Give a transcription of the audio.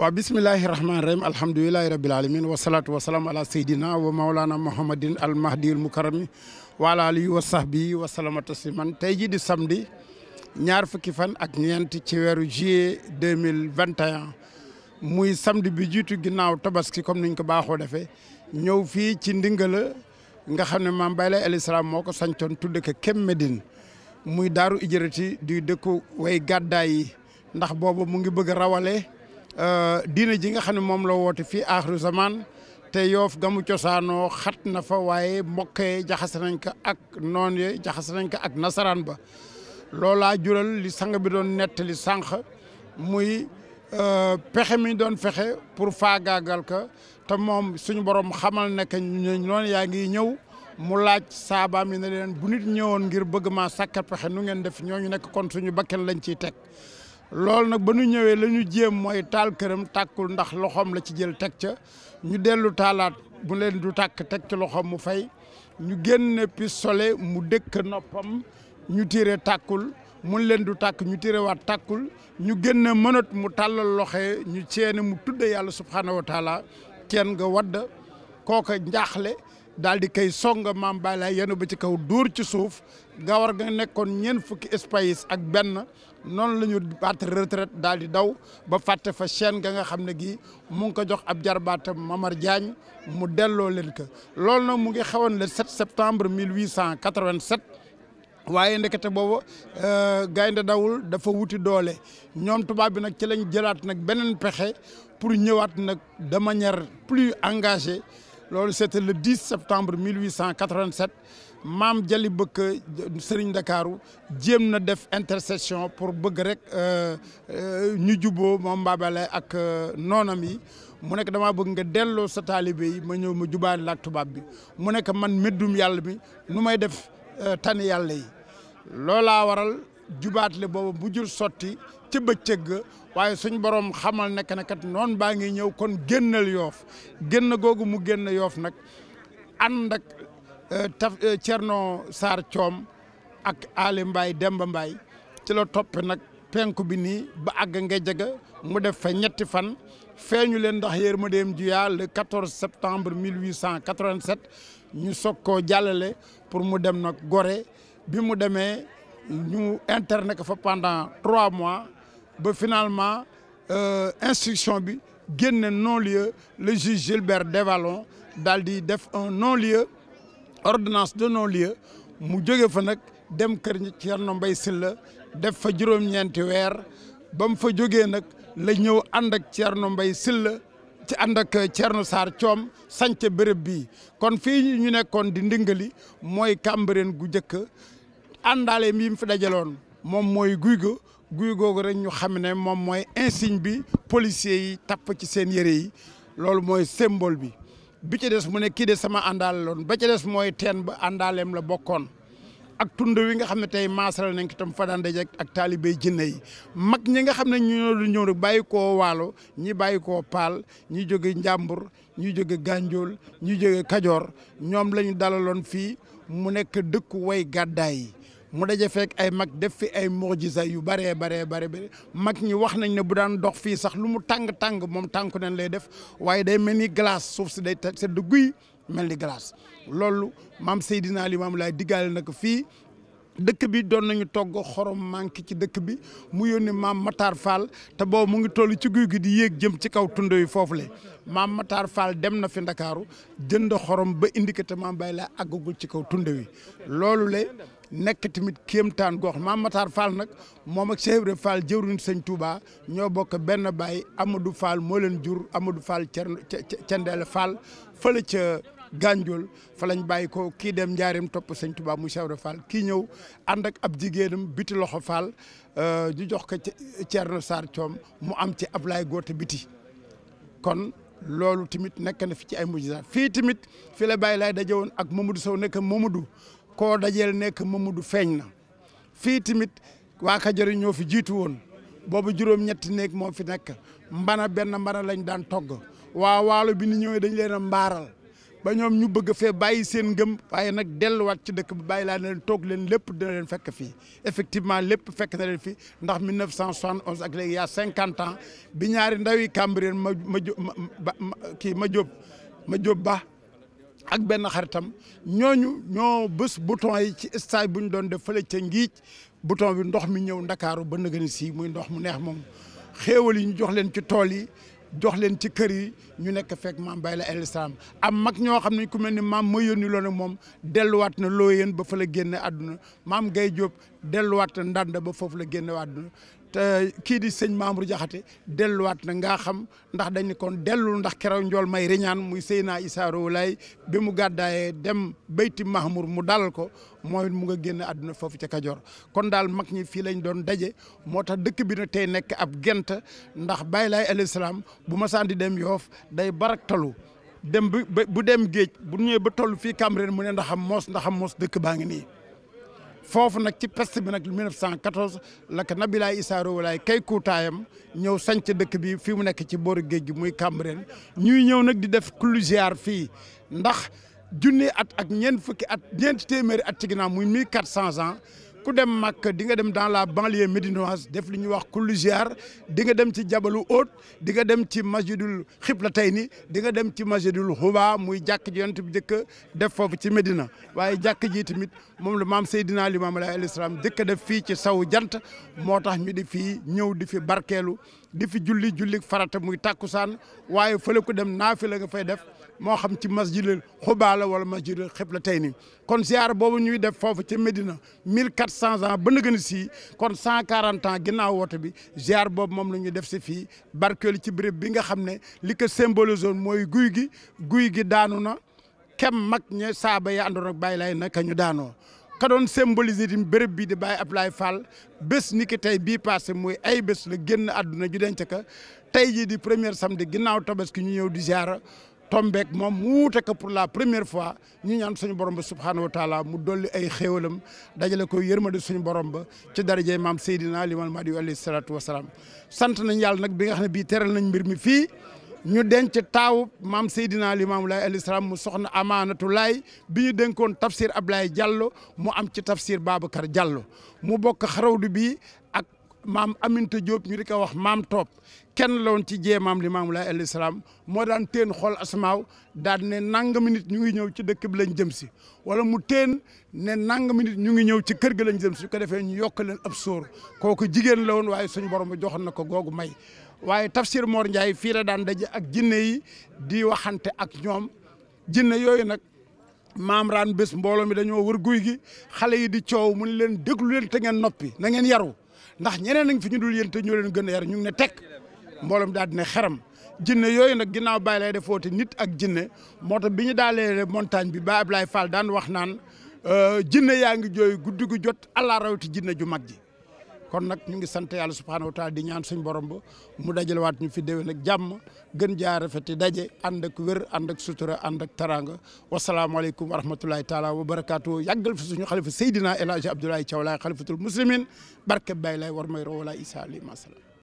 waaw bisimilahi rahmaani rahim alhamdulilahi rabil alamin wasalaatu wasalaam ala saydina wa maolana mouhamadin al mahdi al mukarami wa ala alihi wa sahbihi wa salama tasliman tey jii di samedi ñaar fukki fan ak ñeent ci weeru juillet deux mille vingt et muy samedi bi jiitu ginnaaw tabaski comme niñ ko baaxoo defee ñëw fii ci ndingala nga xam ne maam Baye Laye alayhi salaam moo ko sancoon tudde ko Kem Medine muy daaru ijërati di dëkku way gàddaay ndax boobu mu ngi bëgg a rawale Euh, diine ji nga xam ne moom la woote fii aaxiru zaman te yoof gamu cosaanoo xat na fa waaye mbokkee jaxas nañ ko ak noon ye jaxas nañ ko ak nasaraan ba loolaa jural li sang bi doon nettali sànq muy euh, pexe mi doon fexe pour faagaagal ka te moom suñu borom xamal ne que noonu yaa ngi ñëw mu laaj saabaam yi na leen bu nit ñëwoon ngir bëgg maa sàkkal pexe nu ngeen def ñooñu nekk kon suñu bakken lañ ciy teg loolu nag ba nu ñëwee la ñu jéem mooy taal këram tàkkul ndax loxoom la ci jël teg ca ñu dellu taalaat mu leen du takk teg ci loxoom mu fay ñu génne pistolet mu dëkk noppam ñu tiire takkul mun leen du takk ñu tiire waat tàkkul ñu génne mënat mu tàllal loxee ñu ceene mu tudde yàlla subhaanahu wa taala ceen nga wadda kooka njaaxle daal di kay song maam Baay Laay yenu ba ci kaw dóor ci suuf gawar ga nekkoon ñeent fukki espace ak benn noonu la ñu battre retraite daal di daw ba fàtte fa chaine ga nga xam ne gii mu ngi ko jox ab jarbaatam Mamar Diagne mu delloo leen ko loolu nag mu ngi xewoon le 7 septembre 1887 waaye ndekete boobu euh, gaynde dawul dafa wuti doole ñoom tubaab bi nag ci lañ jëlaat nag beneen pexe pour ñëwaat nag de manière plus engagée loolu c'était le 10 septembre 1887 maam Jali bëgg Serigne Ndakaaru jéem na def intercession pour bëgg rek euh, euh, ñu juboo moom Mbaabale ak euh, noonam yi mu nekk dama bëgg nga delloo sa taalibe yi ma ñëw ma jubaale la ak tubaab bi mu nekk man méddum yàlla bi nu may def tani yàlla yi loolaa waral jubaatle boobu bu jur sotti ca bëccëg waaye suñ borom xamal nekk ne kat baa ngi ñëw kon génnal yoof génn googu mu génn yoof nag ànd ak euh, taf Cerno euh, Saar Coom ak Ali Mbaay Demba Mbaay ci la topp nag penku bi nii ba àgg Ngéjaga mu def fa ñetti fan feeñu leen ndax yërmandeem ju yaa le 14 septembre 1887 ñu soog koo jàllale pour mu dem nag gore bi mu demee. ñu interné ko fa pendant trois mois ba finalement euh, instruction bi génne non-lieu le juge Gilbert Devalon daal di def un non-lieu ordinance de non-lieu mu jóge fa nag dem kër Thierno Mbaye Sylla def fa juróom-ñeenti weer ba mu fa jógee nag la ñëw ànd ak Thierno Mbaye Sylla ci ànd ak Thierno Sarr Thiom sànce béréb bii kon fii ñu nekkoon di ndingali mooy Cambérène gu njëkk àndaale mi mu fi dajaloon moom mooy guy ga guy googu rek ñu xam ne moom mooy insigne bi policiers yi tapp ci seen yére yi loolu mooy symbole bi bi ci des mu ne kii de sama àndaale ba ci des mooy teen ba àndaaleem la bokkoon ak tund wi nga xam ne tey maasal nañ ko tam fa daan daje ak taalibey jinne yi mag ñi nga xam ne ñu lu ñëw rek bàyyi koo waalo ñi bàyyi koo paal ñi jóge njàmbur ñi jóge gànjool ñi jóge kajoor ñoom lañu dalaloon fii mu nekk dëkku way gàddaay yi mu daje fekk ay mag def fi ay mujisa yu baree baree bare mag ñi wax nañ ne bu daan dox fii sax lu mu tàng tàng moom tànku nañ lay def waaye day mel ni glace suuf si day sedd guy mel ni glace loolu maam Seydina Limaamu Laay diggaale na ko fii. dëkk bi doon nañu togg xorom manqué ci dëkk bi mu yónni maam mataar Fall te boobu mu ngi toll ci guy gi di yéeg jëm ci kaw tund yi foofu le maam Matar Fall dem na fi ndakaaru jënd xorom ba indi ko te maam Baye laa ci kaw tund wi loolu nekk tamit kéemtaan gox maam Matar Fall nag moom ak Cheikh Ibrahima Fall jëwriñ sëñ ñoo bokk benn baay Amadou Fall moo leen jur Amadou Fall Cendeele Fall fële ca Ganjool fa lañ bàyyi ko kii dem njaarim topp sëñ Touba mu Cheikh Ibrahima Fall kii ñëw ànd ak ab jigéenam biti loxo Fall euh, ñu jox ko Thierno Sarr Thiom mu am ci Ablaye Gote biti kon loolu tamit nekk na fi ci ay mujjisaat fii tamit fi la bàyyi laay daje woon ak Mamadou Sow nekk Mamadou koo dajeel nekk du feeñ na fii tamit waa Kajoor ñoo fi jiitu woon boobu juróom-ñetti néeg moo fi nekk mbana benn mbana lañ daan togg waa waalo bi ni ñëwee dañ leen a mbaaral ba ñoom ñu bëgg fee bàyyi seen ngëm waaye nag delluwaat ci dëkk bi bàyyi laa leen toog leen lépp dina leen fekk fii effectivement lépp fekk na leen fii ndax 1971 ak léegi yaa 50 ans bi ñaari ndawi Cambérène ma ma ma kii ma jóob ma jóob ba ak benn xaritam ñooñu ñoo bës bouton yi ci stage bu ñu doon def fële ca ngiic bouton bi ndox mi ñëw ndakaaru ba nëgëni si muy ndox mu neex moom xéewal yi ñu jox leen ci tool yi jox leen ci kër yi ñu nekk fekk maam Bayla la Islam am mag ñoo xam ne ku mel ni maam ma yónni loon ak moom delluwaat na looyeen ba fa la génne àdduna maam gay Diop delluwaat na ndànd ba foofu la génne àdduna te kii di sëñ Mamour Diakhaté delluwaat na ngaa xam ndax dañ ne kon dellul ndax keroog njool may riñaan muy Seyna Issa Rouhou Laye bi mu gàddaayee dem Beyti Mahmour mu dalal ko mooy mu nga génn àdduna foofu ca Kajoor kon daal mag ñi fii lañ doon daje moo tax dëkk bi na tey nekk ab gent ndax bay Laye alayhi salaam bu ma di dem Yoof day talu dem bu dem géej bu ñëwee ba toll fii Cambérène mu ne ndax am moos ndax am moos dëkk baa ngi nii. foofu nag ci peste bi nag 1914 la ko Nabilaay Issa Roowalaay kay kuutaayam ñëw sanc dëkk bi fii mu nekk ci booru géej gi muy Cambérène ñuy ñëw nag di def clusiar fii ndax junni at ak ñeent fukki at ñeent téeméeri at ci ginnaaw muy cent ans ku dem Makka di nga dem dans la banlieue médinoise def li ñuy wax kullu ziar dinga dem ci jabalu Uhud di nga dem ci masjidul Xiblatayni di nga dem ci masjidul Xubaa muy jàkk ji yonent bi njëkk def foofu ci Médina waaye jàkk ji tamit moom la maam Seydina Limaamu Laay alayhi salaam njëkk def fii ci saw jant moo tax ñu di fii ñëw di fi barkeelu di fi julli julli farata muy tàkkusaan waaye fële ku dem naafila nga fay def moo xam ci masjidul xubaa la wala tey xiblatayni kon ziar boobu ñuy def foofu ca Medina mille quatre cent ans ba nëgën si kon cent quarante ans ginnaaw woote bi ziar boobu moom la ñuy def si fii barkeel ci béréb bi nga xam ne li ko symbolisé woon mooy guy gi guy gi daanu na kem mag ña saaba ya àndoon ak bàyyi laay naka ñu daanoo ka doon symboliser di béréb bii di Baye Ablaye Fall bés ni ki tey bii passé mooy ay bés la génn àdduna ju denc ka tey jii di première samedi ginnaaw ki ñu ñëw di ziara tombeek moom mu wuute ko pour la première fois ñu ñaan suñu borom ba subhaanahu wa taala mu dolli ay xéewalam dajale ko yërmande suñu borom ba ci darajey maam Seydina Limaam Mahdi alayhi salaatu wa salaam sant nañ yàlla nag bi nga xam ne bii teral nañ mbir mi fii ñu denc taawu maam Seydina Limaamu Laay alayhi salaam mu soxna amaanatu laay bi denkoon dénkoon tafsir Ablaye Diallo mu am ci tafsir Babacar Diallo mu bokk xarawdu bi ak maam Aminta Diop ñu di ko wax maam Toob kenn la woon ci jee maam Limaamu Laay alayhi salaam moo daan teen xool asmaaw daan ne nangami nit ñu ngi ñëw ci dëkk bi lañ jëm si wala mu teen ne nangami nit ñu ngi ñëw ci kër gi lañ jëm si ko defee ñu yokk leen ab sóor kooku jigéen la woon waaye suñu borom joxoon na ko googu may. waaye tafsir Mor Ndiaye fii la daan daje ak jinne yi di waxante ak ñoom jinne yooyu nag maam raan bés mbooloo mi dañoo war guy gi xale yi di coow mu ne leen déglu leen te ngeen noppi na ngeen yaru ndax ñeneen nañ fi ñu dul yéen te ñoo leen gën a yar ñu ngi ne teg mbooloo mi daal di ne xeram jinne yooyu nag ginnaaw bàyyi lay foote nit ak jinne moo tax bi ñu daalee montagne bi ba Ablaye Fall daan wax naan euh, jinne yaa ngi jooy guddi gu jot allah rawati jinne ju mag ji kon nag ñu ngi sant yàlla subhaanahu wa taala di ñaan suñ borom ba mu dajalewaat ñu fi dewee nag jàmm gën jaa rafeti daje ànd ak wér ànd ak sutura ànd ak taranga wasalaamaaleykum wa rahmatulahi taala wa barakaatu yàggal fi suñu xalifa Seydina El Hadji Abdoulaye Thiaw Laye xalifatul muslimin barke Baye lay war may roowalaa isa alayhi wa salaam